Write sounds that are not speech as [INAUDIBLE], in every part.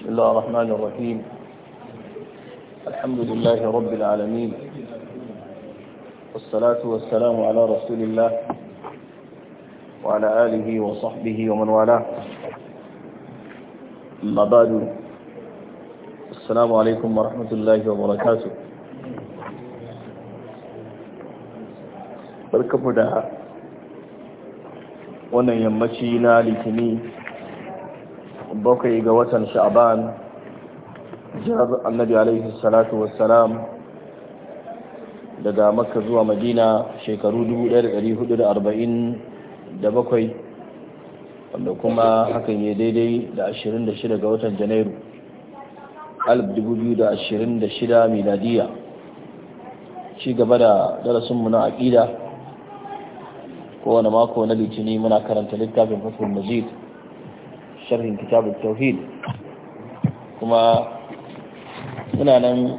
بسم الله الرحمن الرحيم الحمد لله رب العالمين والصلاة والسلام على رسول الله وعلى آله وصحبه ومن والاه أما بعد السلام عليكم ورحمة الله وبركاته barkamu da wannan yammaci na bakwai ga watan sha'aban jirar annabi alaihi salatu wassalam daga makka zuwa madina shekaru 1447 wanda kuma hakan ya daidai da 26 ga watan janairu 2026 miladiya ci gaba da darasinmu na aƙida kowane mako na litini muna karanta littafin fasul majid sharhin kitabun tauhid kuma muna nan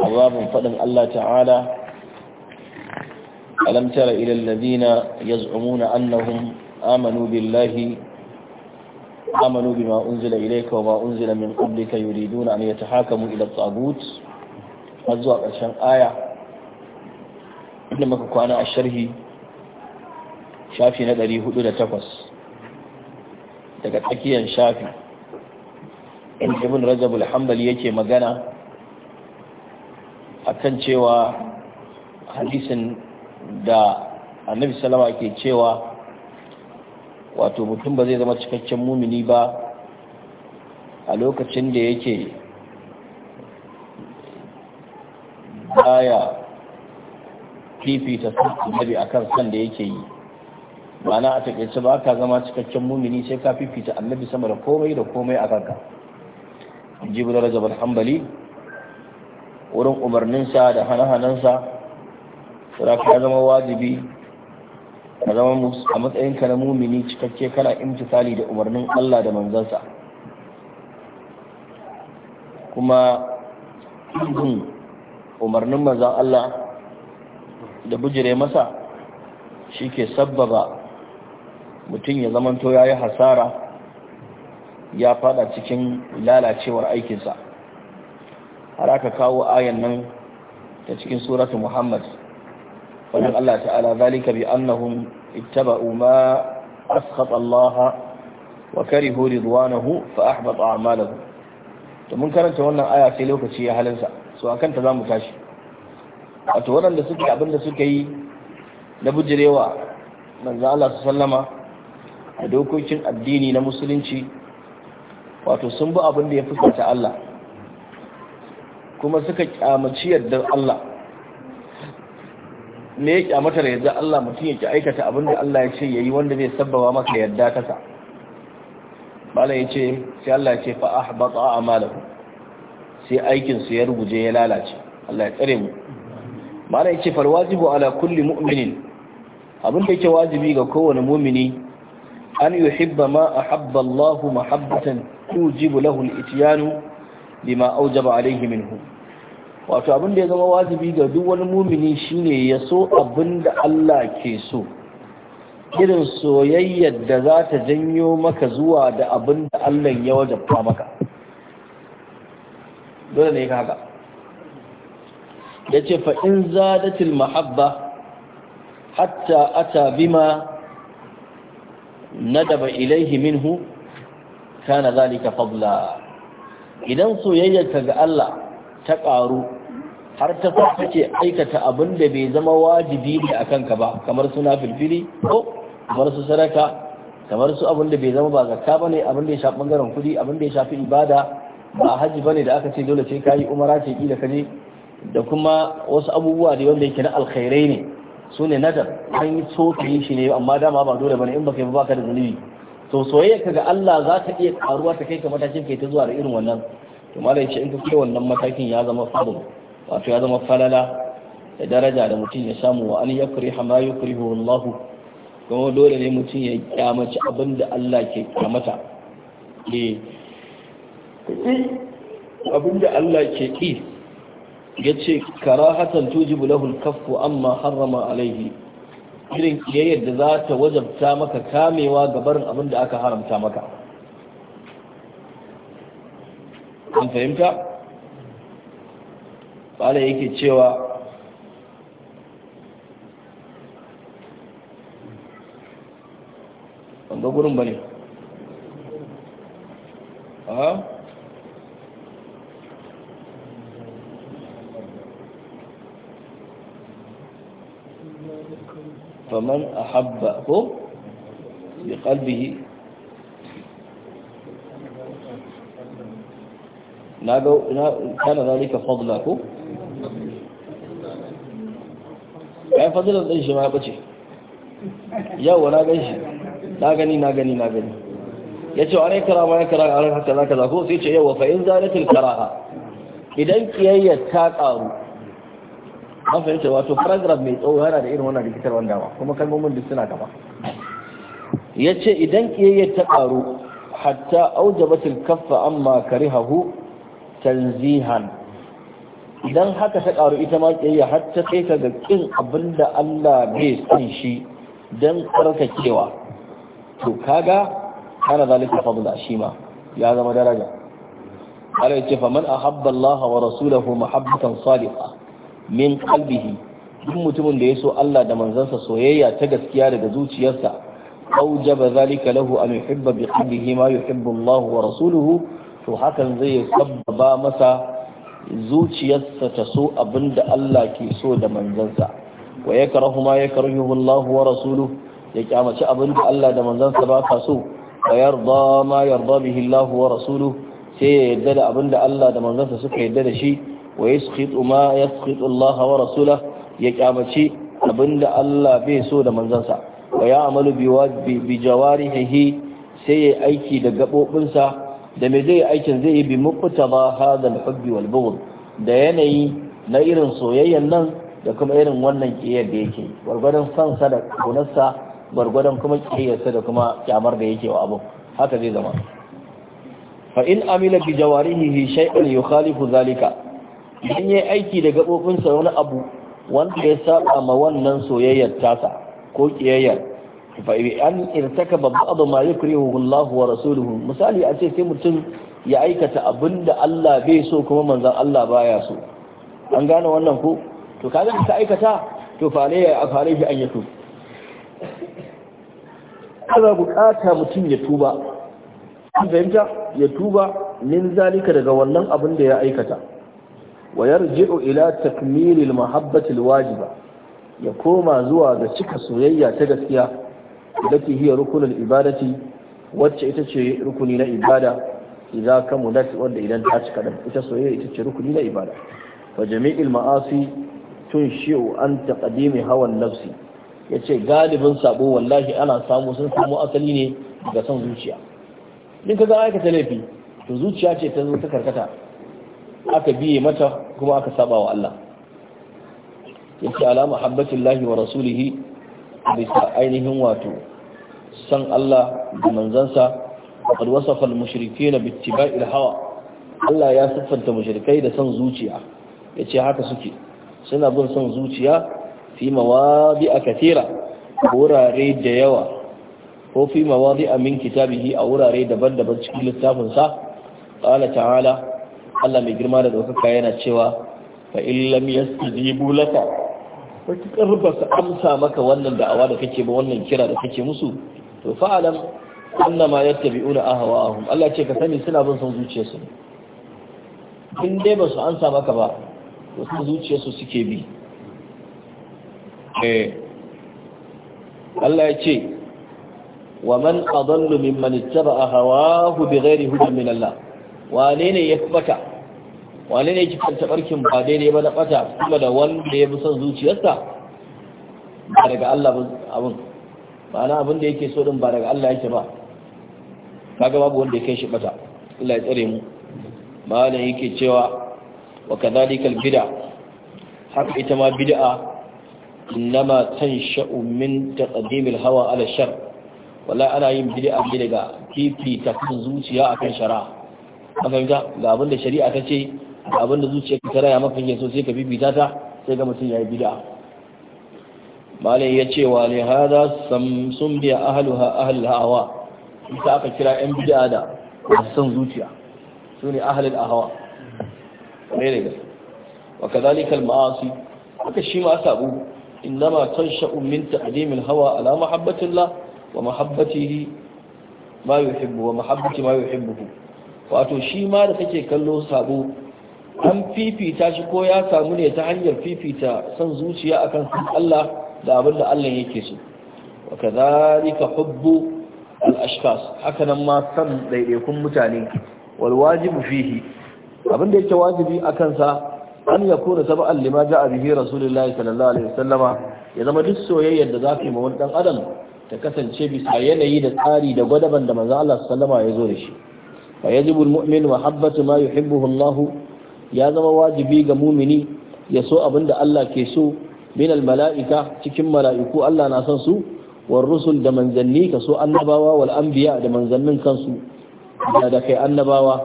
a babin faɗin Allah ta'ala alam tara ila alladhina yaz'umuna annahum amanu billahi amanu bima unzila ilayka wa ma unzila min qablika yuriduna an yatahakamu ila at-taghut har zuwa ƙarshen aya inda muka kwana a sharhi shafi na 408 daga tsakiyar shafi in ibn rajab al yake magana akan cewa hadisin da annabi salama ke cewa wato mutum ba zai zama cikakken mumini ba a lokacin da yake baya fifita sun annabi akan san da yake yi ma'ana a takaice ba ka zama cikakken mumini sai ka fifita annabi sama da komai da komai a kanka jibu da rajabar hambali wurin umarninsa da hana-hanansa da ka zama wajibi ka zama a matsayinka na mumini cikakke kana imtisali da umarnin Allah da manzansa kuma umarnin manzan Allah da bujire masa shi ke sabbaba mutum ya zamanto ya yi hasara ya fada cikin lalacewar aikinsa har aka kawo ayan nan ta cikin suratu muhammad wadda Allah ta'ala zalika bi annahum ittaba'u ma askhata Allah wa karihu ridwanahu fa ahbata a'malahum to mun karanta wannan aya sai lokaci ya halinsa so akan ta zamu tashi wato waɗanda suke abinda suka yi na bujirewa manzo Allah sallama A dokokin addini na musulunci wato sun bi abin da ya fuskanta Allah kuma suka kyamaci yardar Allah me ya kyamata da yadda Allah mutum ya ki aikata abin da Allah ya ce yayi wanda zai sabbawa maka yarda tasa malam ya ce sai Allah ya ce fa ahbata amalahu sai aikin su ya ruguje ya lalace Allah ya tsare mu malam ya ce fal wajibu ala kulli mu'minin abin da yake wajibi ga kowane mu'mini an yuhibba ma ahabba Allah mahabbatan tujibu lahu al-ityan bima aujaba alayhi minhu wato abin da ya zama wajibi ga duk wani mumini shine ya so abin da Allah ke so irin soyayyar da za ta janyo maka zuwa da abin da Allah ya wajabta maka dole ne ka haka ya ce in zadatil mahabba hatta ata bima ندب إليه minhu kana ذلك فضلا idan soyayyarka ga Allah ta ƙaru har ta sa aikata abin da bai zama wajibi ne a kanka ba kamar suna filfili ko kamar su sadaka kamar su abin da bai zama ba zakka bane abin da ya shafi bangaren kuɗi abin da ya shafi ibada ba haji bane da aka ce dole sai kayi umara ce kila kaje da kuma wasu abubuwa da wanda yake na alkhairai ne su ne nadar an yi tsofi shi ne amma dama ba dole bane in baka yi baka da zunubi to soyayya kaga Allah za ta iya karuwa ta kai ka matakin kai ta zuwa da irin wannan to malai ce in ka kai wannan matakin ya zama fadu wato ya zama falala da daraja da mutum ya samu wa an yakri hama yukrihu Allah kuma dole ne mutum ya kyamaci abin da Allah ke kyamata eh abin da Allah ke ki yace karahatan tujibu lahul al-kaffu amma harrama alayhi irin kiyayyar da za ta wajabta maka kamewa ga barin abin da aka haramta maka an fahimta bala yake cewa ban ga gurin ba ne فمن أحبه بقلبه كان ذلك فضلك كان فضل الضيش ما يبتش يو لا قيش لا قني لا قني لا قني يتو عليك كرام عليك كرام عليك حتى لا كذا هو سيتو يو فإن زالت الكراها إذا انت يهي التاقارو an fahimta wato paragraph mai tsawo yana da irin wannan rikitar wanda ba kuma kalmomin duk suna gaba ya ce idan ƙiyayyar ta ƙaru hatta aujabatul kaffa amma karihahu tanzihan idan haka ta ƙaru ita ma ƙiyayya har ta kai ka ga ƙin abinda Allah bai san shi don tsarkakewa to kaga ana zalika fadla shi ma ya zama daraja Allah ya ce faman ahabba Allah wa rasulahu mahabbatan sadiqa min qalbihi duk mutumin da ya so Allah da manzansa soyayya ta gaskiya daga zuciyarsa aujaba zalika lahu an yuhibba bi qalbihi ma yuhibbu Allah wa rasuluhu to hakan zai sabbaba masa zuciyarsa ta so abinda Allah ke so da manzansa wa yakrahu ma yakrahu Allah wa rasuluhu ya kyamaci abinda Allah da manzansa ba ka so wa yarda ma yarda wa rasuluhu sai ya yarda da abinda Allah da manzansa suka yarda da shi wa yaskhitu ma yaskhitu Allah wa rasulah ya kyamaci abinda Allah bai so da manzansa wa ya amalu bi bi jawarihi sai ya aiki da gabobinsa da me zai aikin zai yi bi ba hadha al-hubbi wal bughd da yanayi na irin soyayyan nan da kuma irin wannan kiyaye da yake gwargwadon sansa da kaunarsa gwargwadon kuma kiyarsa da kuma kyamar da yake wa abu haka zai zama fa in amila bi jawarihi shay'an yukhalifu zalika idan ya aiki da gaɓoɓinsa wani abu wanda ya saba ma wannan soyayyar tasa ko kiyayyar fa an irtaka ba'd ma yukrihu Allah wa rasuluhu misali a ce sai mutum ya aikata abinda Allah bai so kuma manzon Allah baya so an gane wannan ko to kaga ka aikata to fa ya afare shi an yato ana bukata mutum ya tuba an fahimta ya tuba min zalika daga wannan abin da ya aikata wa yarji'u ila takmilil mahabbatil wajiba ya koma zuwa ga cika soyayya ta gaskiya dake hiya rukunul ibadati wacce ita ce rukuni na ibada idza kamulat wanda idan ta cika dan ita soyayya ita ce rukuni na ibada wa jami'il ma'asi tunshi'u an taqdimi hawan nafsi yace galibin sabo wallahi ana samu sun samu asali ne daga son zuciya in ka ga aikata laifi to zuciya ce ta zo ta karkata aka biye mata kuma aka saba wa Allah yake alama habbatillahi wa rasulihi bisa ainihin wato san Allah da manzansa qad wasafa al-mushrikeena bi ittiba'il hawa Allah ya siffanta mushrikai da san zuciya yace haka suke suna bin san zuciya fi mawadi'a katira wurare da yawa ko fi mawadi'a min kitabihi a wurare daban-daban cikin littafinsa qala ta'ala Allah mai girma da ɗaukaka yana cewa fa illam yastajibu laka matukar ba su amsa maka wannan da'awa da kake ba wannan kira da kake musu to fa fa'alam annama yattabi'una ahwa'ahum Allah ce ka sani suna bin son zuciyarsu in dai ba su amsa maka ba to sun zuciyarsu suke bi eh Allah ya ce wa man adallu mimman ittaba'a hawahu bighairi hudan min Allah wane ne ya fi bata wane ne ki kanta barkin ba daidai ba na bata kuma da wanda ya fi son zuciyarsa ba daga Allah abin ba na abin da yake so din ba daga Allah yake ba kaga babu wanda ya kai shi bata Allah ya tsare mu malam yake cewa wa kadhalika bid'a haka ita ma bid'a innama tansha'u min taqdim al-hawa ala shar wala ana yin bid'a ne daga fifita kan zuciya akan shari'a a ga abin da shari'a ta ce ga abin da zuciya ta raya maka yin so sai ka bibita ta sai ga mutum ya yi bid'a malai ya ce wa ne hada samsun biya ahaluha ahal hawa ita aka kira yan bid'a da masu son zuciya su ne ahalul hawa? ne ne gaske wa kadhalika al ma'asi haka shi ma sabu innama tansha'u min ta'dim al hawa ala la, wa mahabbatihi ma yuhibbu wa mahabbati ma yuhibbu wato shi ma da kake kallo sabo an fifita shi ko ya samu ne ta hanyar fifita son zuciya akan san Allah da abin da Allah yake so wa kadhalika hubbu al-ashkhas haka nan ma san daidaikun mutane wal wajibu fihi abin da yake wajibi akan sa an yakuna sab'an lima ja'a bihi rasulullahi sallallahu alaihi wasallama ya zama duk soyayyar da zaka yi ma wani dan adam ta kasance bisa yanayi da tsari da gwadaban da manzo Allah ya zo da shi fa yajibu almu'min mahabbatu ma yuhibbuhu Allah ya zama wajibi ga mumini ya so abinda Allah ke so min al-mala'ika, cikin mala'iku Allah na son su war rusul da manzanni ka so annabawa wal anbiya da manzannin kansu da kai annabawa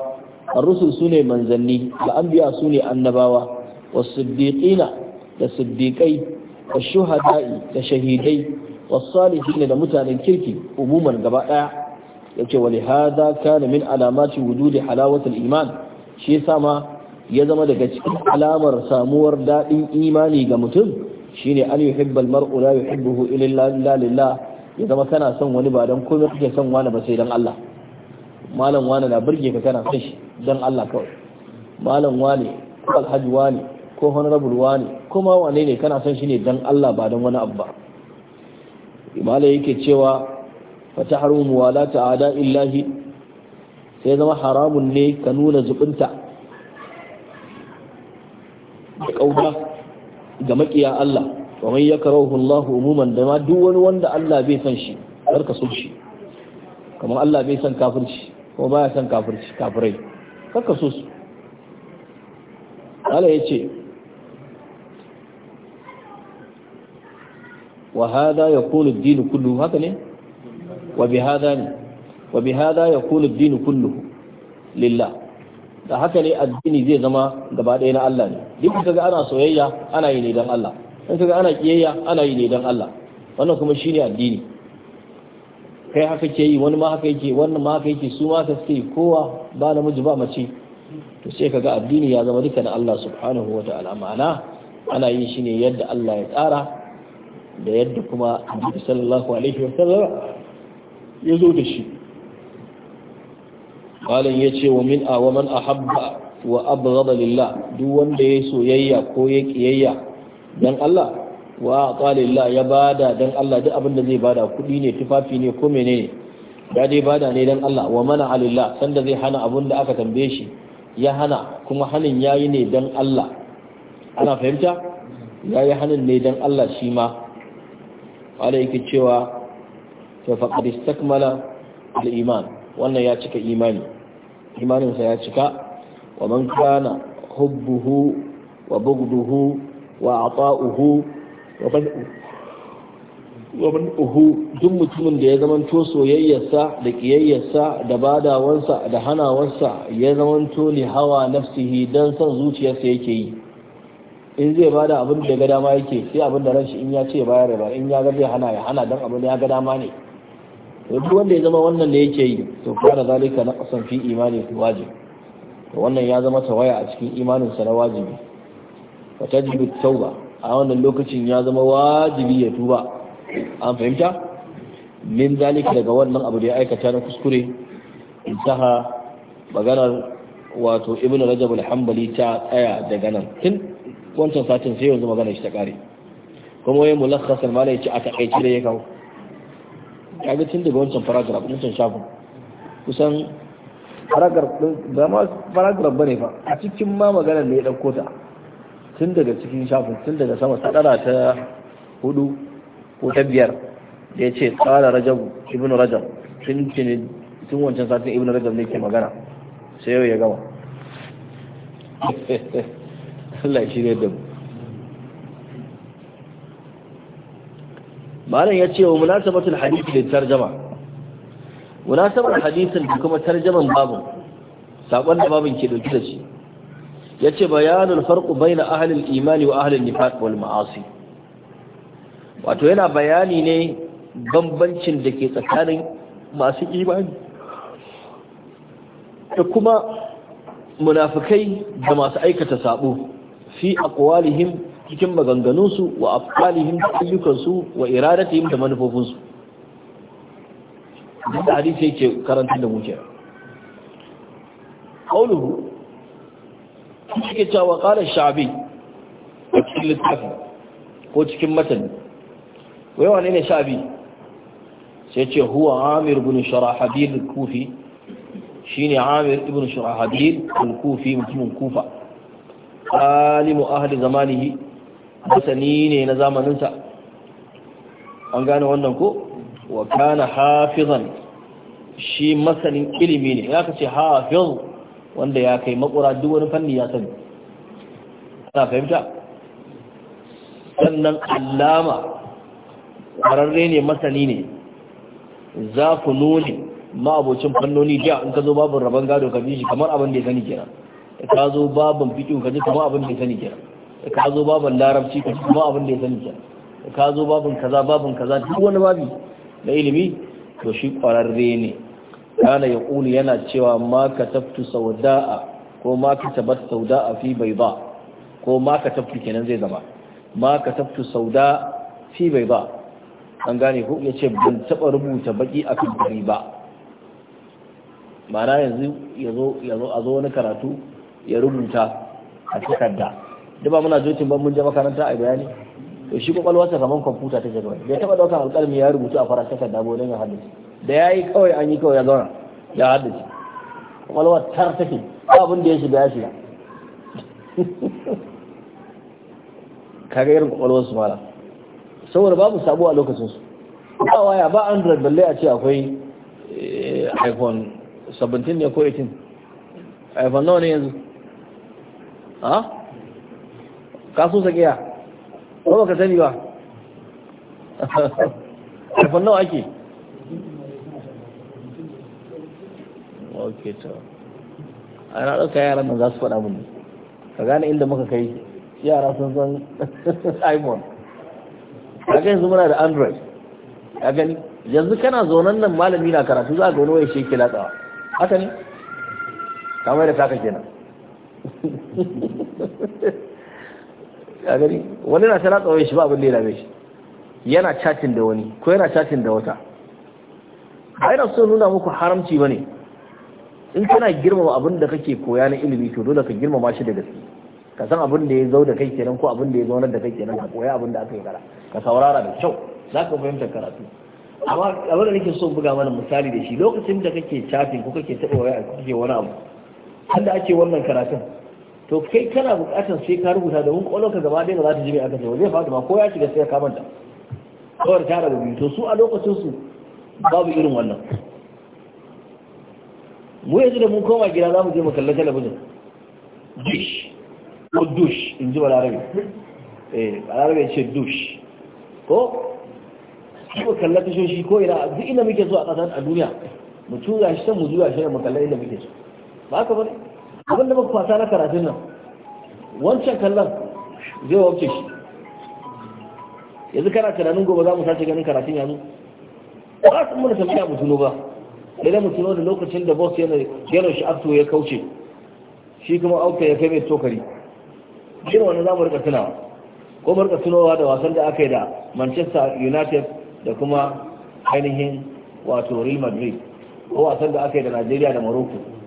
ar-rusul sune manzanni al anbiya sune annabawa والصديقين لصديقي والشهداء da mutanen kirki umuman gaba ɗaya. yake wa lihadha kana min alamati wujudi halawati iman shi yasa ma ya zama daga cikin alamar samuwar dadin imani ga mutum shine an yuhibbal mar'u la yuhibbuhu illa lillah ya zama kana son wani ba dan komai kake son wani ba sai dan Allah malam wani na burge ka kana son shi dan Allah kawai malam wani ko alhaji wani ko honorable wani kuma wane ne kana son shi ne dan Allah ba dan wani abu ba imala yake cewa fa tahrumu muwalata a'da illahi sai zama haramun ne ka nuna zubunta da kauda ga makiya Allah wa man yakrahu Allah umuman da ma wanda Allah bai san shi kar ka so shi kamar Allah bai san kafirci ko baya kar ka su yace wa hada yakunu ad-din haka ne وبهذا وبهذا يكون الدين كله لله da haka ne addini zai zama gaba ɗaya na Allah ne duk kaga ana soyayya ana yi ne don Allah in kaga ana kiyayya ana yi ne don Allah wannan kuma shine addini kai haka ke yi wani ma haka yake wannan ma haka yake su ma haka suke kowa ba namiji ba mace to sai kaga addini ya zama duka na Allah subhanahu wa ta'ala ma'ana ana yin shi ne yadda Allah ya tsara da yadda kuma Annabi sallallahu alaihi wa sallam ya zo da shi malam ya ce wa min wa man a habba wa abghada lillah duk wanda ya soyayya ko ya kiyayya dan Allah wa qalillah ya bada dan Allah duk abin da zai bada kuɗi ne tufafi ne ko menene ya dai bada ne dan Allah wa mana alillah sanda zai hana abin da aka tambaye shi ya hana kuma hanin yi ne dan Allah ana fahimta ya yi hanin ne dan Allah shi ma yake cewa to faqad istakmala al-iman wannan ya cika imani imanin ya cika wa man kana hubbuhu wa bughduhu wa ata'uhu wa bad'u wa uhu duk mutumin da ya zamanto soyayyarsa da ƙiyayyarsa da badawansa da hanawarsa ya zamanto li hawa nafsihi dan san zuciyarsa yake yi in zai bada abin da ga dama yake sai abin da ranshi in ya ce bayar ba in ya ga zai hana ya hana dan abin da ya ga dama ne duk wanda ya zama wannan ne yake yi to fara zalika na kasan fi imani fi to wannan ya zama tawaya a cikin imaninsa na wajibi fa tajibu tauba a wannan lokacin ya zama wajibi ya tuba an fahimta min zalika daga wannan abu da ya aikata na kuskure intaha maganar wato ibnu rajab al-hanbali ta tsaya daga nan tun wancan satin sai yanzu magana shi ta kare kuma wai mulakhasan malai ci aka kai da ya kawo kaga tun daga wancan paragraph wancan shafin kusan paragraph ba ma paragraph bane fa a cikin ma maganar ne ya dauko ta tun daga cikin shafin tun daga sama sadara ta hudu ko ta biyar da ya ce tsara rajab ibn rajab tun tun wancan satin ibn rajab ne ke magana sai yau ya gama [LAUGHS] Allah shi ne da mu malam ya ce wa munasabatul hadisi da tarjama munasabar hadisin da kuma tarjaman babu sakon da babin ke dauki da shi ya ce bayanul farqu baina ahlil imani wa ahlil nifaq wal ma'asi wato yana bayani ne bambancin da ke tsakanin masu imani da kuma munafikai da masu aikata sabo fi aqwalihim cikin maganganunsu wa afkalihim da ayyukansu wa iradatihim da manufofinsu duk da hadisi yake karanta da muke qauluhu yake cewa qala sha'bi a cikin littafi ko cikin matan wai wane ne sha'bi sai ce huwa amir ibn sharahabil kufi shine amir ibn sharahabil kufi mutumin kufa alimu ahli zamanihi masani ne na zamaninsa an gane wannan ko wa kana hafizan shi masanin ilimi ne ya kace hafiz wanda ya kai makura duk wani fanni ya sani ana fahimta sannan allama ƙwararre ne masani ne za ku nuni ma'abocin fannoni da in ka zo babin rabon gado ka bi shi kamar abin da ya sani kenan ka zo babin fikin ka ji kamar abin da ya sani kenan ka zo babin larabci ka kuma abin da ya sani ke ka zo babin kaza babin kaza duk wani babi na ilimi to shi kwararre ne kana ya kuli yana cewa ma ka taftu sauda'a ko ma ka tabat sauda'a fi bai ba ko ma ka taftu kenan zai zama ma ka taftu sauda fi bai ba an gane ko ya ce ban taba rubuta baki akan kari ba ma'ana yanzu ya zo a zo wani karatu ya rubuta a takarda da ba muna jocin ban mun je makaranta a bayani to shi kwakwalwarsa kamar kwamfuta ta jadwal bai taɓa ɗaukar alƙalmi ya rubutu a farar takarda ba don ya haddace da ya yi kawai an yi kawai ya zauna ya haddace kwakwalwar tar take abin da ya shiga ya shiga [LAUGHS] kaga irin kwakwalwar su mala saboda babu sabo a lokacin su ba waya ba android balle a ce akwai eh, iphone 17 ne ko 18 iphone nawa ne yanzu ha ka so sakiya ko ka sani ba kafin nawa ake ok to a na ɗauka yaran nan za su faɗa mun ka gane inda muka kai yara sun san [LAUGHS] iphone a yanzu muna da android a gani yanzu kana zaunan nan malami na karatu za a ga wani waye shi ke latsawa haka ne kamar da kaka kenan [LAUGHS] a gari wani na tana tsawon shi ba abin da ya dame shi yana chatin da wani ko yana chatin da wata ai na so nuna muku haramci bane in kana girmama abin da kake koya na ilimi to dole ka girmama shi da gaske ka san abin da ya zo da kai kenan ko abin da ya zaunar da kai kenan ka koya abin da aka yi kara ka saurara da kyau za ka fahimta karatu amma abin da nake so buga mana misali da shi lokacin da kake chatin ko kake taɓa waya kake wani abu har da ake wannan karatun to kai kana bukatar sai ka rubuta domin ka gaba ɗaya ba za ta jibe aka ce ba zai faɗi ma ko ya shiga sai ka manta kawai ta rabu biyu to su a lokacin su babu irin wannan mu yanzu da mun koma gida za mu je mu kalli talabijin Dush ko dush in ji balarabe eh balarabe ce dush ko ko kalla tashoshi ko ina duk inda muke so a kasar a duniya mu tura shi ta mu zuwa shi mu kalla inda muke so ba ka bari. abin da muka fasa na karatun nan wancan kallon zai wabce shi yanzu kana tunanin gobe za mu sace ganin karatun yanzu ba su muna tambaya mu tuno ba idan mu tuno da lokacin da boss yana yana shi afto ya kauce shi kuma auka ya kai mai tokari shirin wannan za mu rika tunawa ko mu rika tunowa da wasan da aka yi da Manchester United da kuma ainihin wato Real Madrid ko wasan da aka yi da Najeriya da Morocco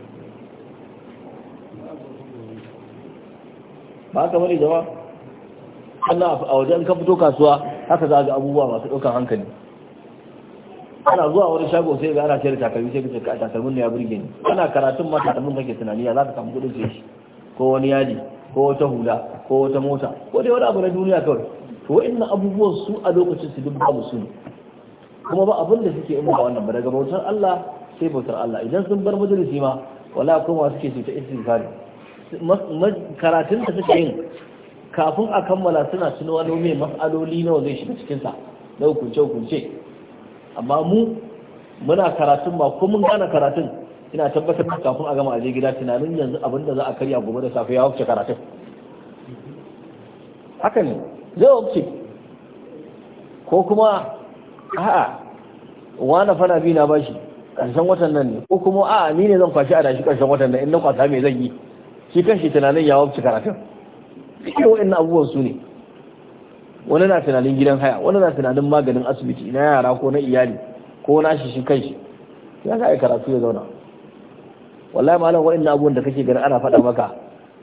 ba haka bane jama Allah a wajen ka fito kasuwa haka za ga abubuwa masu ɗaukar hankali ana zuwa wani shago sai ga ana cire takalmi sai ka ka takalmin ne ya burge ni ana karatun ma takalmin kake tunani ya za ka samu kudin sai ko wani yadi ko wata hula ko wata mota ko dai wani abu na duniya kawai to wa'annan abubuwan su a lokacin su duk babu su ne kuma ba abin da suke wannan ba daga bautar Allah sai bautar Allah idan sun bar majalisi ma wala kuma suke su ta istighfari karatun da suke yin kafin a kammala suna suna wani mai mas'aloli nawa zai shiga cikinsa na hukunce-hukunce amma mu muna karatun ba ko mun gane karatun ina tabbatar da kafin a gama aje gida tunanin yanzu abin da za a karya gobe da safe ya wuce karatun haka ne zai wuce ko kuma a'a wani fana bi na bashi ƙarshen watan nan ne ko kuma a'a ni ne zan kwashi a dashi ƙarshen watan nan in na kwasa me zan yi shi kan shi tunanin ya wabce karatun wa'in na abubuwan su ne wani na tunanin gidan haya wani na tunanin maganin asibiti na yara ko na iyali ko na shi shi kan shi ya ga karatu ya zauna wallahi malam na abubuwan da kake ganin ana faɗa maka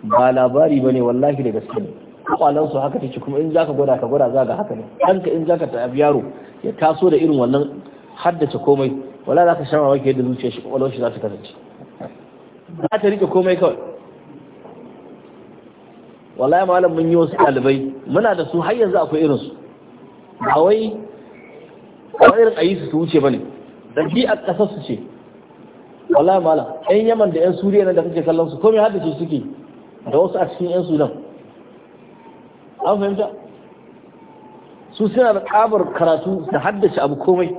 ba labari ba ne wallahi da gaske ne kwalan su haka take kuma in za ka gwada ka gwada za ga haka ne Kanka in za ka tafi yaro ya taso da irin wannan haddace komai wala za ka shama mamaki yadda zuciyar shi kwakwalwar shi za ta kasance za ta rike komai kawai wallahi malam mun yi wasu ɗalibai muna da su har yanzu akwai irinsu ba wai ba irin a yi su wuce ba ne a ƙasar su ce wallahi malam ɗan yaman da yan suriya na da kake kallon su komai haɗa su suke da wasu a cikin ƴan sudan an fahimta su suna da ƙabar karatu da haddace abu komai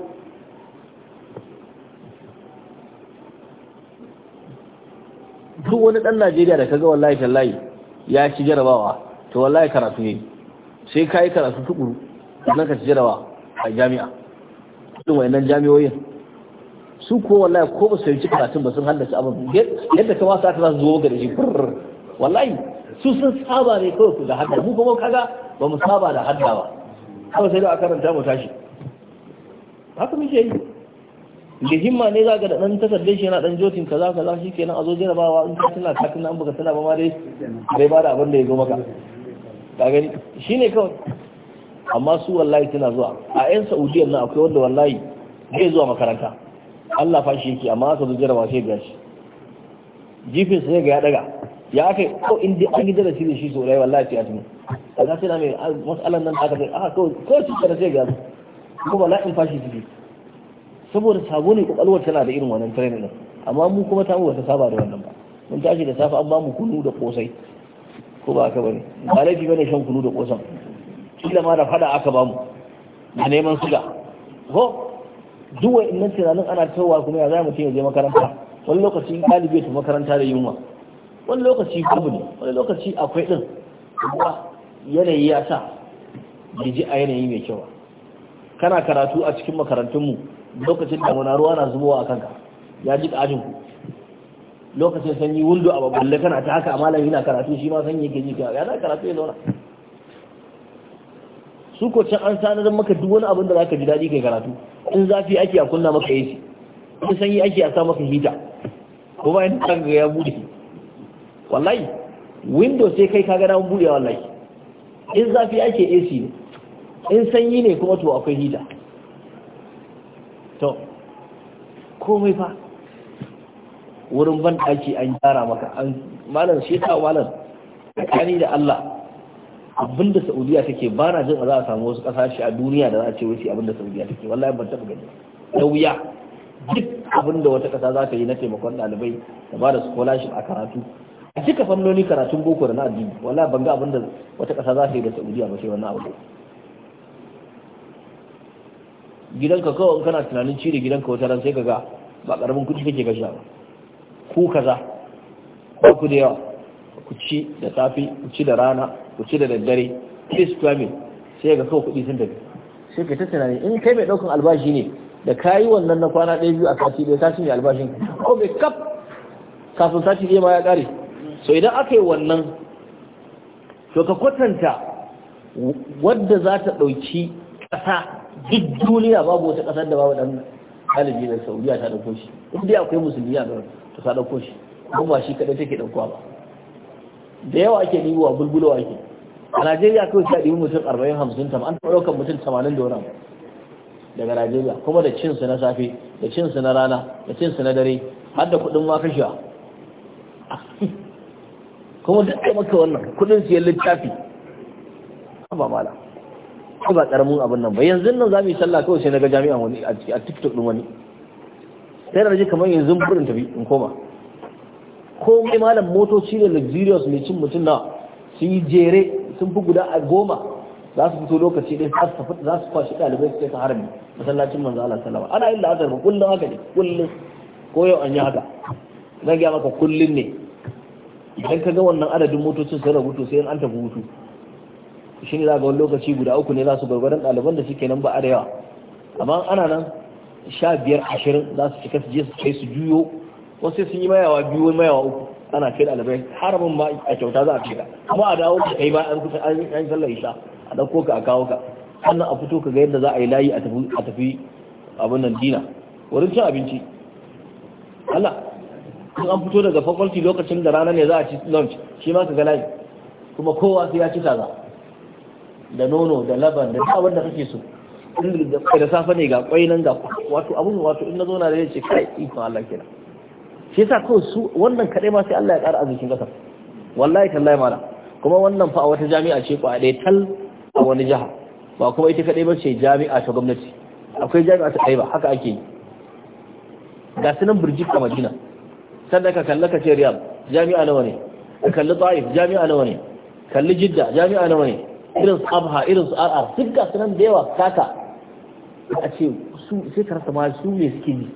duk wani ɗan najeriya da ka ga wallahi tallahi ya ci jarabawa to wallahi karatu ne sai kai karatu tukuru sannan ka ci jarabawa a jami'a duk nan jami'oyin su ko wallahi ko ba su yi karatun ba sun haddace abin yadda kama sa ka zo ga shi wallahi su sun saba ne kawai ku da hadda mu kuma kaga ba mu saba da hadda ba kawai sai da aka karanta mu tashi haka muke yi da himma ne za ga da ɗan takardar shi yana ɗan jotin kaza kaza shi kenan a zo jarabawa in ka tana ka tuna an ka tuna ba ma dai bai ba da abin da ya zo maka ka gani shi ne kawai amma su wallahi tana zuwa a yan saudiyan nan akwai wanda wallahi zai zuwa makaranta allah fashi yake amma aka zo jarabawa sai ga shi jifin sai ga ya daga ya kai ko oh, in dai an gidara shi da shi sau ɗaya wallahi sai a tuni kaga sai na mai ah, matsalan nan aka kai aka ah, kawai kawai shi sai ga kuma la'in fashi suke saboda sabo ne kwakwalwar tana da irin wannan training din amma mu kuma ta ba ta saba da wannan ba mun tashi da safe an ba mu kunu da kosai ko ba ka bane ba laifi bane shan kunu da kosan kila ma da fada aka ba mu na neman suga ko duk wa'annan tunanin ana tawa kuma ya zama mutum ya je makaranta wani lokaci kalibe ya makaranta da yunwa wani lokaci kuma ne wani lokaci akwai ɗin kuma yanayi ya sa bai ji a yanayi mai kyau kana karatu a cikin makarantunmu lokacin damuna ruwa na zubowa a kanka ya ji ajin ku lokacin sanyi wundo a babballe kana ta haka malami yana karatu shi ma sanyi yake ji ka ya za karatu ya zauna su ko can an sanar maka duk wani abin da zaka ji daɗi kai karatu in zafi ake a kunna maka AC in sanyi ake a sa maka hita ko in ka ga ya bude wallahi window sai kai kaga na bude wallahi in zafi ake AC ne in sanyi ne kuma to akwai hita to komai fa wurin ban daki an gyara maka an malam shi ta malam tsakani da Allah abinda Saudiya take ba na jin za a samu wasu ƙasashe a duniya da za a ce wai abinda Saudiya take wallahi ban taɓa gani da wuya duk abinda wata ƙasa za ta yi na taimakon ɗalibai da ba da scholarship a karatu a cika fannoni karatun boko da na addini wallahi ban ga abinda wata ƙasa za ta yi da Saudiya ba sai wannan abu gidanka kawai kana tunanin cire gidanka wata ran sai ka ga ba karamin kuɗi kake gasha ba ku kaza ba ku da yawa ku ci da safi ku ci da rana ku ci da daddare please tuwamin sai ga kawai kuɗi sun tafi sai ka ta tunanin in kai mai ɗaukan albashi ne da ka yi wannan na kwana ɗaya biyu a sati ɗaya ka cinye albashin ko bai kaf kafin sati ɗaya ma ya ƙare so idan aka yi wannan to ka kwatanta wadda za ta ɗauki ƙasa duk duniya babu wata ƙasar da babu ɗan ɗalibi na saudiya ta ɗauko shi in dai akwai musulmi a garin ta ta ɗauko shi kuma ba shi kaɗai take ɗaukowa ba da yawa ake ɗibowa bulbulowa ake a najeriya kawai ta ɗibi mutum arba'in hamsin tam an taɓa ɗaukar mutum tamanin da wani daga najeriya kuma da cinsu na safe da cinsu na rana da cinsu na dare har da kuɗin ma kashewa kuma duk da maka wannan kuɗin siyan littafi ba mala ko ba karamin abin nan ba yanzu nan za mu yi sallah kawai sai na ga jami'an wani a tiktok din wani sai na ji kamar yanzu burin tafi in koma ko mai malam motoci da luxurious mai cin mutun na sun yi jere sun fi guda a goma za su fito lokaci ɗaya za su kwashi ɗalibai su kai harami masallacin manzo Allah sallama ana yin la'azar ba kullum haka ne kullum ko yau an yi haka zan gaya maka kullum ne idan ka ga wannan adadin motocin sai rahoto sai an tafi hutu shi ne za ga wani lokaci guda uku ne za su gwargwaron ɗaliban da suke nan ba da yawa amma ana nan sha biyar ashirin za su cika su je su kai su juyo wasu sai sun yi mayawa biyu wani mayawa uku ana kai ɗalibai haramin ba a kyauta za a kai ka amma a dawo da kai ba an kusa an sallar isha a ɗauko ka a kawo ka sannan a fito ka ga yadda za a yi layi a tafi abin nan dina wurin cin abinci Allah in an fito daga faculty lokacin da rana ne za a ci lunch shi ma ka ga layi kuma kowa sai ya ci kaza da nono da laban da duk wanda da kake so da safa ne ga kwai nan ga wato abun wato in na zo na da yace kai ikon Allah kira shi yasa kawai su wannan kadai ma sai Allah ya ƙara azumin kasar wallahi tallahi mala kuma wannan fa a wata jami'a ce a dai tal a wani jiha ba kuma ita kadai ba ce jami'a ta gwamnati akwai jami'a ta ɗaya ba haka ake yi ga sunan nan birjik a madina sannan ka kalli ka ce riyal jami'a nawa ne ka kalli ta'if jami'a nawa ne kalli jidda jami'a nawa ne irin su abha irin su rr duk ga nan da yawa kaka a ce su sai ka rasa ma su ne suke yi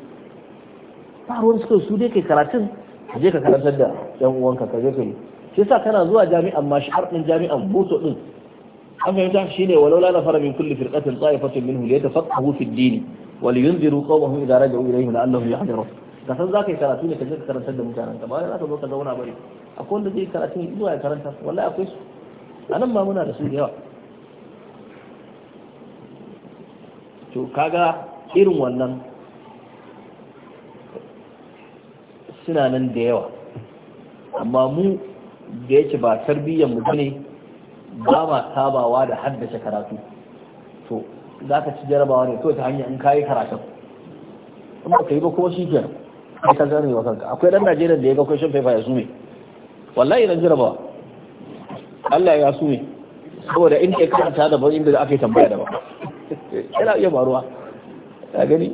ba ruwan suka su dai kai karatun ka je ka karantar da yan uwanka ka je ka yi shi yasa kana zuwa jami'an ma shi'ar din jami'an boto din an fahimta shi ne walau la nafara min kulli firqatin ta'ifatun minhu liyatafaqahu fi ad-din wa liyunziru qawmahum idza raja'u ilayhim la'allahum yahdharun ka san za ka yi karatu ne ka je ka karantar da mutanen ka ba za ka zo ka zauna bane akwai wanda zai karatu ne zuwa ya karanta wallahi akwai su a nan ma muna da su da yawa to kaga irin wannan suna nan da yawa amma mu da yake ba tarbiyyar mu ne ba ma sabawa da haddace karatu to za ka ci jarabawa ne to ta hanyar in kayi karatun in ba ka yi ba kuma shi kenan sai ka gane wa kanka akwai dan Najeriya da ya ga question paper ya zume wallahi ran jarabawa Allah ya su ne saboda inda ya karanta ban inda aka yi tambaya daban yana iya faruwa ta gani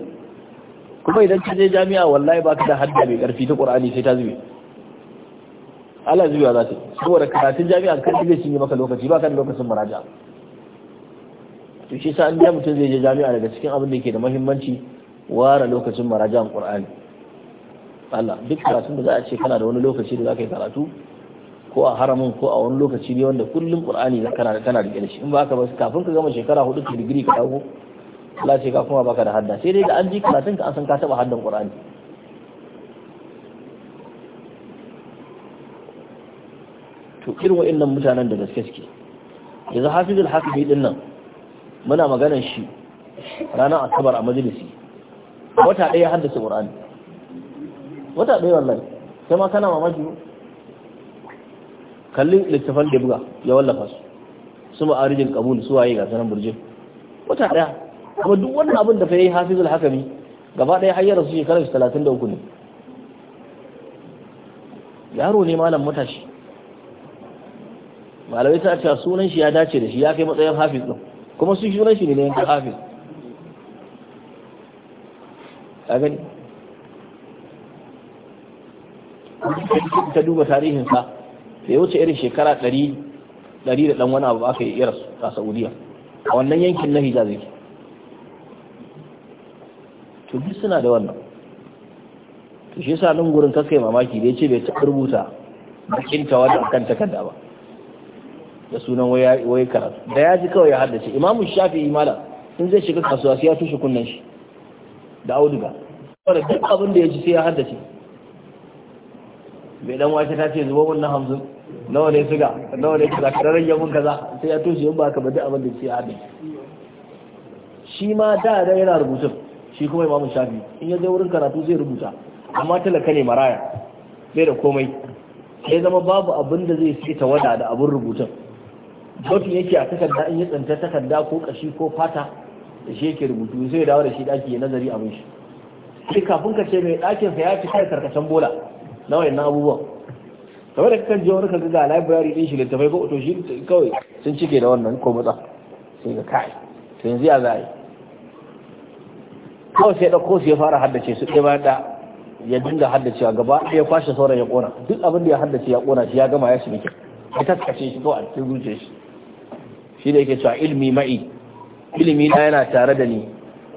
kuma idan ka je jami'a wallahi ba ka da hadda mai karfi ta qur'ani sai ta zube Allah zubewa za ta saboda karatun jami'a kan zai yi maka lokaci ba ka da lokacin muraja to shi sa an biya mutum zai je jami'a daga cikin abin da ke da muhimmanci ware lokacin marajan qur'ani Allah duk karatun da za a ce kana da wani lokaci da za ka yi karatu ko a haramun ko a wani lokaci ne wanda kullum qur'ani kana kana da shi in ba ba kafin ka gama shekara hudu ka digiri ka dago Allah ce ka kuma baka da hadda sai dai da an ji karatun ka an san ka taba haddan qur'ani to irin wa'annan mutanen da gaske suke yanzu hafizul hakimi din nan muna maganar shi ranar asabar a majalisi wata ɗaya haddasa qur'ani wata ɗaya wallahi sai ma kana mamaki kallin littafan da buga ya wallafa su su ma'arijin kabul su waye ga sanan burjin wata daya kuma duk wannan abin da fa yayi hafizul hakami gaba daya har ya rasu shekarar 33 ne yaro ne malam matashi malamai ta ce sunan shi ya dace da shi ya kai matsayin hafiz din kuma su sunan shi ne na yankin hafiz a gani ta duba tarihinsa da ya wuce irin shekara ɗari ɗari da ɗan wani abu aka yi iras a saudiya a wannan yankin na hijaz yake to duk suna da wannan to shi sa nan gurin kaskai mamaki da ya ce bai taɓa rubuta bakin tawada kan takarda ba da sunan wai karatu da ya ji kawai ya haddace imamu shafi imala in zai shiga kasuwa sai ya tushe kunnen shi da auduga saboda duk abin da ya ji sai ya haddace bai dan wace ta ce zuba wannan hamsin nawa ne suga nawa ne kaza karar rage mun kaza sai ya toshe in ba ka bada abin da ke haɗe shi ma da da yana rubutun shi kuma imamu shafi in ya je wurin karatu zai rubuta amma talaka ne maraya Sai da komai sai zama babu abin da zai ta wada da abin rubutun dokin yake a takarda in ya tsanta takarda ko kashi ko fata da shi yake rubutu sai dawo da shi daki ya nazari abin shi sai kafin ka ce mai dakin sa ya fita da karkashin bola na yana abubuwan kamar da kan je wani kaga a library din shi littafai ko to shi kawai sun cike da wannan ko mutsa sai ga kai to yanzu ya zaa yi kawai sai ɗauko su ya fara haddace su ɗaya bayan ɗaya ya dinga haddacewa gaba ɗaya ya kwashe sauran ya ƙona. duk abin da ya haddace ya ƙona shi ya gama ya shiga ya taskace shi kawai a cikin zuciyar shi shi da yake cewa ilmi ma'i ilimi na yana tare da ni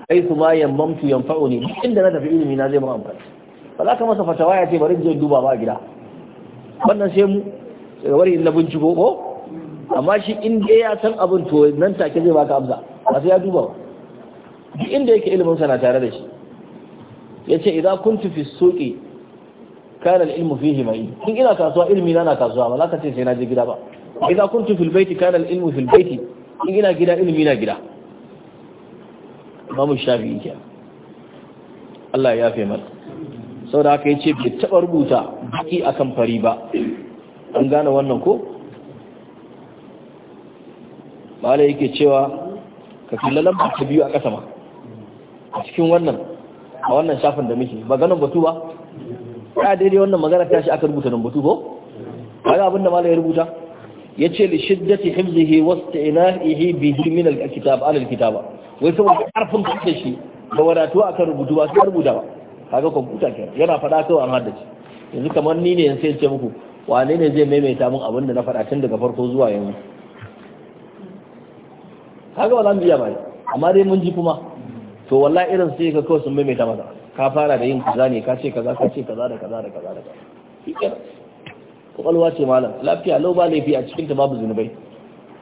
kai su ma yammamtu yanfa'u ne duk inda na tafi ilimi na zai mu amfani ba za ka masa fatawa ya ce bari je duba ba gida wannan sai mu wari na binciko ko amma shi in ya san abin to nan take zai baka amsa ba sai ya duba ba duk inda yake ilimin sa na tare da shi yace idza kuntu fi suqi kana al-ilmu fihi himayi, in ina kasuwa ilmi na na kasuwa ba za ka ce sai na je gida ba idza kun fil baiti kana al-ilmu fil baiti in ina gida ilmi na gida mu shafi kenan Allah ya yafe mata. sau da aka yi ce bai taɓa rubuta baki a kan fari ba an gane wannan ko? bala yake cewa ka kalla lamba ta biyu a ƙasa ma a cikin wannan a wannan shafin da muke ba ganin batu ba ya daidai wannan magana ta shi aka rubuta nan batu ko? kaga abin da mala ya rubuta ya ce li shiddati hifzihi wasu ina'ihi bihi min al-kitab al-kitaba wai saboda karfin kake shi da wadatuwa kan rubutu ba su rubuta ba kaga kwamfuta ke yana faɗa kawai an haddace yanzu kamar ni ne yanzu sai ce muku wane ne zai maimaita min abin da na faɗa tun daga farko zuwa yanzu kaga wala biya bai amma dai mun ji kuma to wallahi irin sai ka kawai sun maimaita maka? ka fara da yin kaza ne ka ce kaza ka ce kaza da kaza da kaza da kaza shikenan kwakwalwa ce malam lafiya lau ba laifi a cikin ta babu zunubai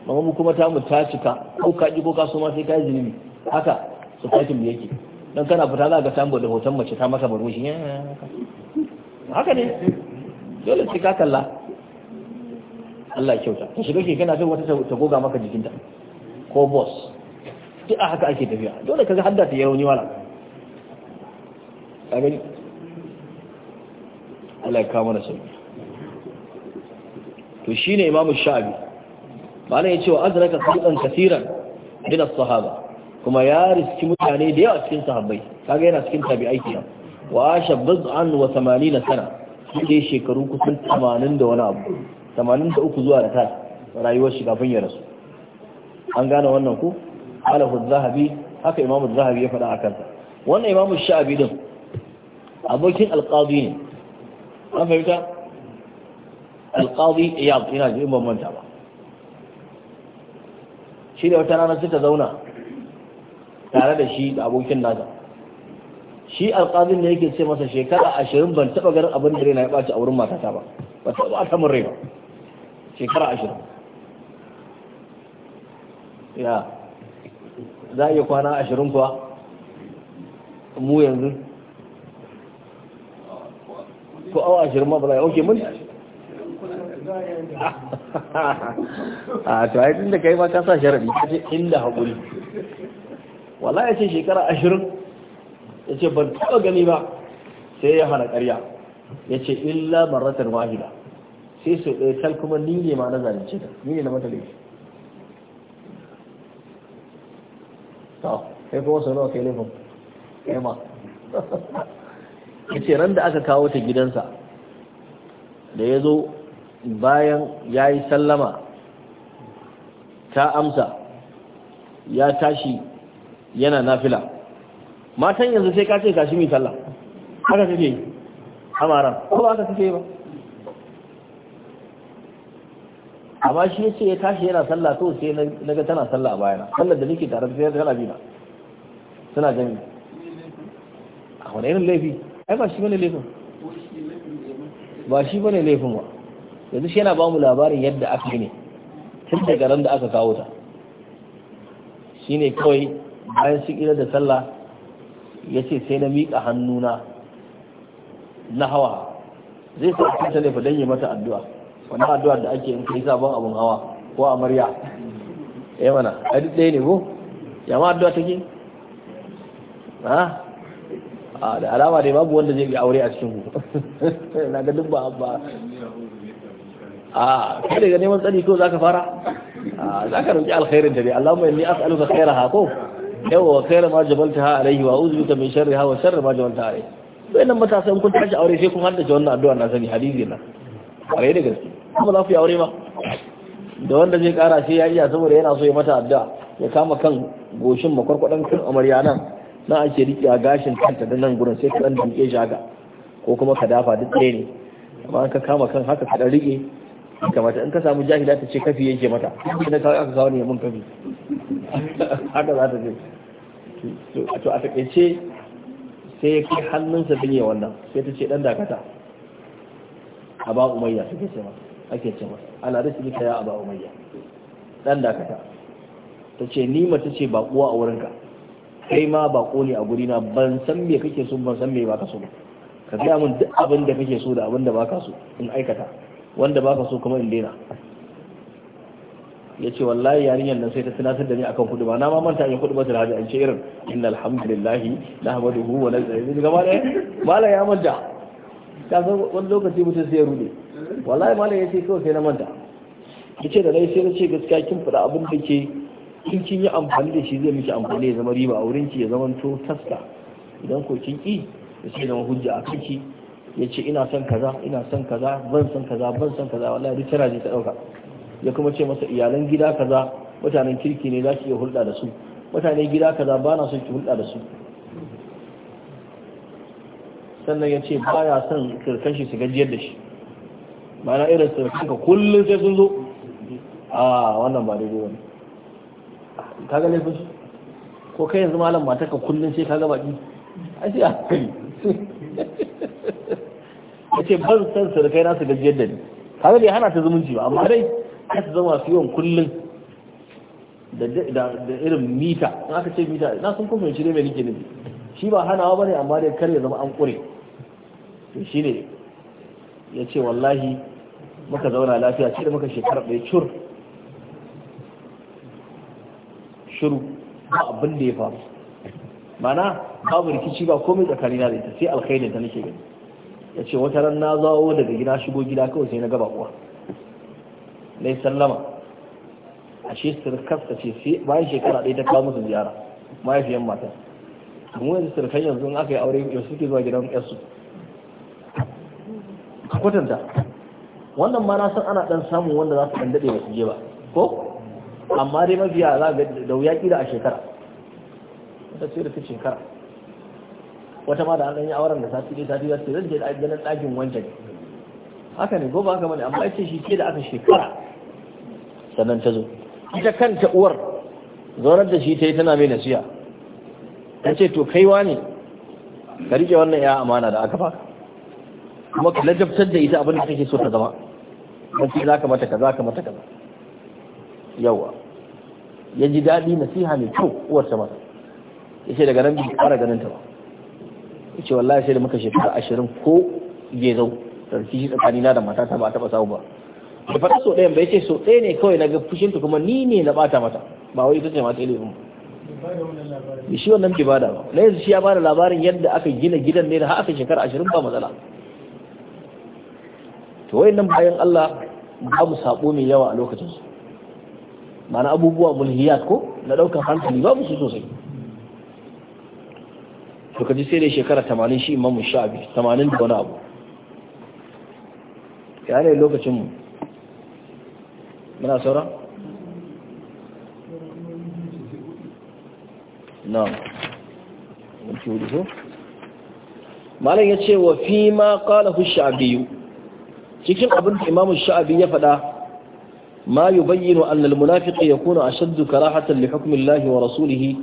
amma mu kuma ta mu ta cika ko ka ji ko ka so ma sai ka yi zunubi haka su fatin mu yake don kana fita za ka samu da hoton mace ta masa barushi baroshi haka ne dole sai ka kalla Allah ya kyauta ta shiga ke kana sai wata ta goga maka jikinta ko boss duk a haka ake tafiya dole kaga hadda ta yarauni wala a gani Allah ya kawo mana sauki to shine imamu sha'abi malam ya ce wa azraka khalqan kaseeran min as-sahaba kuma ya riski mutane da yawa cikin sahabbai kaga yana cikin tabi'ai kenan wa asha baz'an wa 80 sana sai shekaru kusan 80 da wani abu 83 zuwa da ta rayuwar shi kafin ya rasu an gane wannan ku alahu zahabi haka imamu zahabi ya faɗa a kansa wannan imamu sha'abi din abokin alqadi ne an fahimta alqadi iyad ina ji ban manta ba shi da wata rana suka zauna tare da shi da abokin nasa shi alƙalin ne yake ce masa shekara ashirin ban taɓa ganin abin da na ya ɓaci a wurin matata ba ba ta ɓata min rai ba shekara ashirin ya za a iya kwana ashirin kuwa mu yanzu ko awa ashirin ma ba za a yi mun [LAUGHS] a to tun da kai ma ka sa sharaɗi inda haƙuri wala ya ce shekara ashirin ya ce ban taɓa gani ba sai ya hana ƙarya ya ce illa maratar wahida sai su ɗaya tal kuma ni ne ma na zalunce ta ni ne na mata laifi ta kai kuma sau nawa kai laifin kai ma ya ce ran da aka kawo ta gidansa da ya zo bayan ya yi sallama ta amsa ya tashi yana nafila matan yanzu sai ka ce ka shi mi sallah haka take yi Amara, ko ba haka take ba amma shi ya ce ya tashi yana sallah to sai na ga tana sallah a bayana sallar da nake tare da sai tana labina suna gani a wani irin laifi ai ba shi bane laifin ba shi bane laifin ba yanzu shi yana ba mu labarin yadda aka yi ne tun daga ran da aka kawo ta shine kawai bayan su ina da sallah ya ce sai na miƙa hannuna na hawa zai sa a cikin fa don yi mata addu'a wani addu'a da ake in isa sabon abin hawa ko amarya ya eh mana a duk ɗaya ne ko ya ma addu'a take ha a da alama dai babu wanda zai bi aure a cikin ku [LAUGHS] na ga duk ba ba a kai daga neman tsari ko zaka fara a zaka roki alkhairin da dai Allahumma inni as'aluka khairaha ko yawa wa khairu ma jabaltaha alaihi wa uzbika min sharriha wa sharri ma jabaltaha alaihi wayannan matasan kun tashi aure sai kun haddace wannan addu'a na sani hadisi na are da gaske kuma za ku yi aure ma da wanda zai kara sai ya iya saboda yana so ya mata addu'a ya kama kan goshin makwarkwadan kan amarya nan na ake riƙe a gashin kanta da nan gurin sai ka dan dinke shi haka ko kuma ka dafa duk ɗaya ne amma ka kama kan haka ka dan riƙe kamata in ka samu jahila ta ce kafi yake mata inda ka aka kawo ne mun kafi [LAUGHS] haka za ta ce to a takaice sai ya kai hannunsa bin yawan wannan sai ta ce dan dakata a ba umayya suke ce masa ake ce masa ana da shi ya a ba umayya dan dakata ta ce ni mace ce ba kuwa a wurinka kai ma ba ne a gurina ban san me kake so ban san me ba ka so ka ga min duk abin da kake so da abin da ba ka so in aikata wanda ba ka so kuma in daina ya ce wallahi yarinyar nan sai ta tunatar da ni akan kudu ba na ma manta in kudu ba ta hajji an ce irin inna alhamdulillahi nahmaduhu wa nasta'inuhu gaba da malam ya manta ka san wani lokaci mutum sai ya rude wallahi malam ya ce kawai sai na manta ya ce da dai sai na ce gaskiya kin fada abin da ke kin kin yi amfani da shi zai miki amfani ya zama riba a wurin ki ya zama to taska idan ko kin ki ya ce da hujja a kanki ya ce ina son kaza ina son kaza ban son kaza ban son kaza wallahi duk tana je ta ɗauka ya kuma ce masa iyalan gida kaza mutanen kirki ne za su iya hulɗa da su mutane gida kaza ba na son ki hulɗa da su sannan ya ce ba ya son sirkan shi su gajiyar da shi mana irin sirkan ka kullum sai sun zo a wannan ba daidai wani ka ga laifin su ko kai yanzu malam mata ka kullum sai ka ga baki a ce a kai ya ce ban san sirkai na su gajiyar da ni ka ga bai hana ta zumunci ba amma dai ya zama su yawan kullum da irin mita in aka ce mita na sun kuma shi ne mai nike nufi shi ba hanawa ba ne amma dai kar ya zama an kure to shi ne ya ce wallahi muka zauna lafiya ce da muka shekara ɗaya cur shuru ba abin da ya faru mana babu rikici ba komai tsakanina da ita sai alkhairin ta nake gani ya ce wata ran na zawo daga gida shigo gida kawai sai na gaba uwa Dai sallama, sallama ashe kafa ce sai bayan shekara ɗaya ta kawo musu ziyara mahaifiyan mata mu yanzu kai yanzu in aka yi aure yau suke zuwa gidan yarsu Ka kwatanta wannan ma na san ana dan samun wanda za su dan daɗe ba su je ba ko amma dai mafiya za ga da wuya kila a shekara wata ce da ta shekara wata ma da an yi auren da sati ne sati za su zai je da ganin ɗakin wancan haka ne gobe haka bane amma ce shi ke da aka shekara sannan ta zo ita kanta uwar zaunar da shi ta yi tana mai nasiya ta ce to kaiwa ne ka rike wannan ya amana da aka baka kuma ka lajabtar da ita abin da kake so ta zama ce za ka mata kaza ka mata kaza yawa ya ji daɗi nasiha mai kyau uwar ta mata ya ce daga nan bi fara ganin ta ba ya ce wallahi sai da muka shekara ashirin ko gezau da shi tsakanina da matata ba a taɓa samu ba bai faɗa so ɗayan bai ce so ɗaya ne kawai na ga fushinta kuma ni ne na ɓata mata ba wai ita ce mata ilimin ba shi wannan ke bada ba na yanzu shi ya bada labarin yadda aka gina gidan ne da haka shekara ashirin ba matsala to wai nan bayan Allah ba mu saɓo mai yawa a lokacin su ma'ana abubuwa mulhiyat ko na ɗaukar hankali ba mu su sosai to ji sai dai shekara tamanin shi imamu sha'abi tamanin da wani abu ya ne lokacin mu muna saura? na wanke malam ya ce wa fi ma ƙalahu sha'abiyu cikin abinda da imamun sha'abi ya faɗa ma yi bayyano annal munafiki ya kuna a shaddu karahatan li lahi wa rasulihi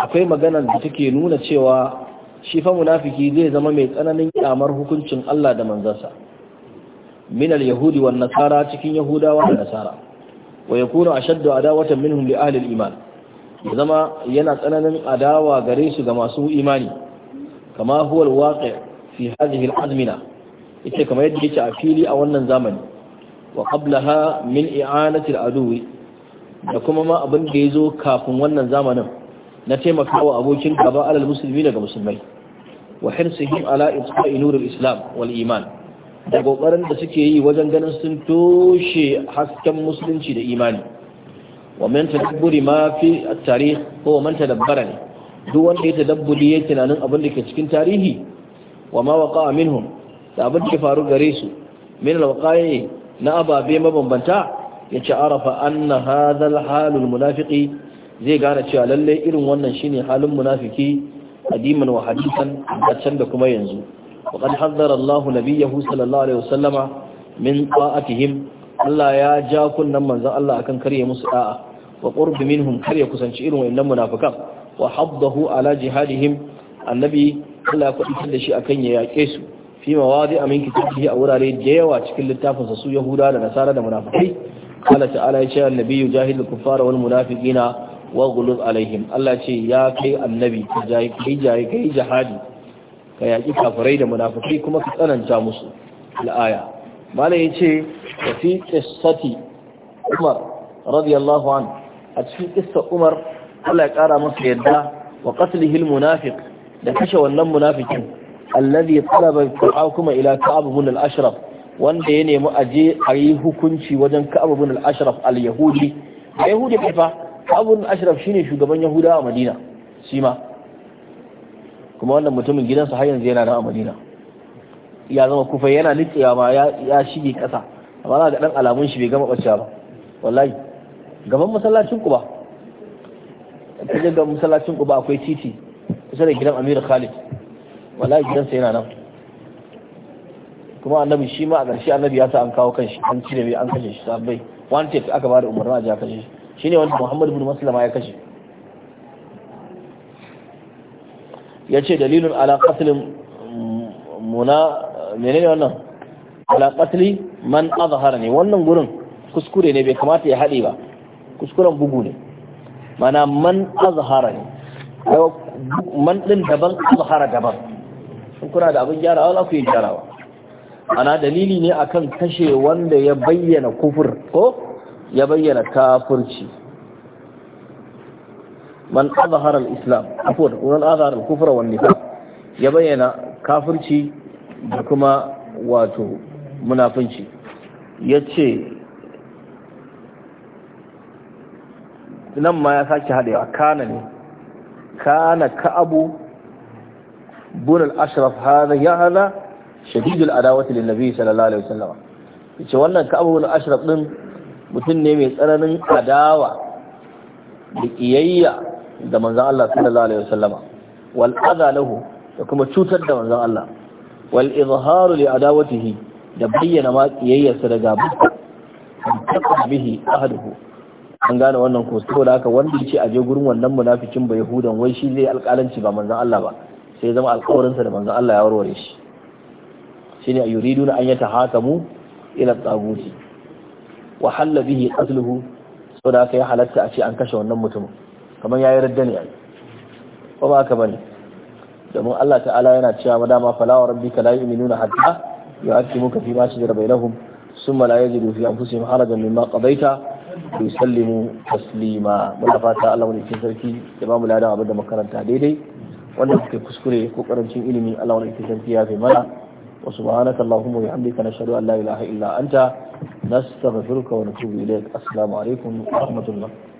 akwai maganar da take nuna cewa shi fa munafiki zai zama mai tsananin kyamar hukuncin Allah da manzansa Minal yahudi wan nasara cikin yahudawa da nasara wa yakunu ashaddu adawatan minhum li ahli al-iman zama yana tsananin adawa gare su ga masu imani kama huwa al-waqi fi hadhihi al-azmina ita kamar yadda yake a fili a wannan zamani wa qablaha min i'anati al-aduwi da kuma ma abin da yazo kafin wannan zamanin na taimakawa abokin gaba alal musulmi daga musulmai wa hirsihim ala itqa'i nurul islam wal iman da kokarin da suke yi wajen ganin sun toshe hasken musulunci da imani wa man tadabburi ma fi at-tarikh ko man tadabbara ne duk wanda ya tadabburi ya tunanin abin da ke cikin tarihi wa ma waqa'a minhum da abin da faru gare su min al na ababe mabambanta ya ci arafa anna hadha al-hal munafiqi zai gane cewa lalle irin wannan shine halin munafiki adiman wa hadisan a can da kuma yanzu وقد حذر الله نبيه صلى الله عليه وسلم من طاعتهم allah يا جاكن من منزا الله akan kare musu da'a wa qurb minhum kar ya kusanci irin wayannan munafikan wa haddahu ala jihadihim annabi Allah ya kwadin da shi akan ya yake su fi mawadi amin kitabihi a wurare da yawa cikin littafin sa su yahuda da nasara da munafikai Allah ta'ala ya ce annabi jahilul kuffara wal munafiqina wa gulub alaihim Allah ce ya kai annabi kai kai jihadi ka yaƙi kafirai da munafukai kuma ka tsananta musu la'aya. malam ya ce wa fi umar radiyallahu an a cikin qissa umar Allah ya ƙara masa yadda wa qatlihi munafik da kashe wannan munafikin alladhi talaba kuma ila ka'ab ibn al-ashraf wanda ya nemi aje a yi hukunci wajen ka'ab ibn al-ashraf al-yahudi yahudi fa ka'ab ibn al-ashraf shine shugaban yahudawa a madina shi ma kuma wannan mutumin gidansa har yanzu yana nan a madina ya zama kufa yana nitsewa ma ya shige kasa amma za ga dan alamun shi bai gama bacewa ba wallahi gaban masallacin ku ba kaje ga masallacin ku ba akwai titi kusa da gidan Amir Khalid wallahi gidansa yana nan kuma annabi shi ma a ƙarshe annabi ya sa an kawo kanshi an cire mai an kashe shi sabai wanted aka ba da umarni a ja kashe shi shine wanda Muhammad ibn Maslama ya kashe ce dalilin ala qatl muna menene wannan ala man azhara ne wannan gurin kuskure ne bai kamata ya haɗe ba kuskuren bugu ne mana man azhara ne man ɗin daban azhara daban sun kuna da abin gyara wala ku yi gyarawa ana dalili ne akan kashe wanda ya bayyana kufur ko ya bayyana kafurci. man azhara al-islam afwan man azhara al-kufra wan nifaq ya bayyana kafirci da kuma wato munafunci yace nan ma ya sake hadewa kana ne kana ka'abu bun al-ashraf hada ya hada shadid al-adawati lin nabi sallallahu alaihi wasallam wannan ka'abu ashraf din mutum ne mai tsananin adawa da da manzan Allah sallallahu alaihi wasallama wal lahu da kuma cutar da manzan Allah wal izharu li adawatihi da bayyana ma kiyayyarsa daga bukkar bihi an gane wannan ko saboda haka wanda yace aje gurin wannan munafikin ba yahudan wai shi zai alƙalanci ba manzon Allah ba sai zama alƙawarinsa da manzon Allah ya warware shi shine yuriduna an yatahakamu ila tsaguti wa halla bihi qatluhu saboda haka ya halatta a ce an kashe wannan mutumin kamar yi radda ne ai ko ba haka bane domin Allah ta'ala yana cewa madama rabbi wa rabbika la ya hatta muka fi ma shajara bainahum thumma la yajidu fi anfusihim harajan mimma kabaita wa yusallimu taslima muna fata Allah wani cikin sarki ya ba mu ladan abin da makaranta daidai wanda suke kuskure ko karancin ilimi Allah wani cikin sarki ya fi mana wa subhanaka allahumma wa bihamdika nashhadu an la ilaha illa anta nastaghfiruka wa natubu ilayk assalamu alaikum wa rahmatullah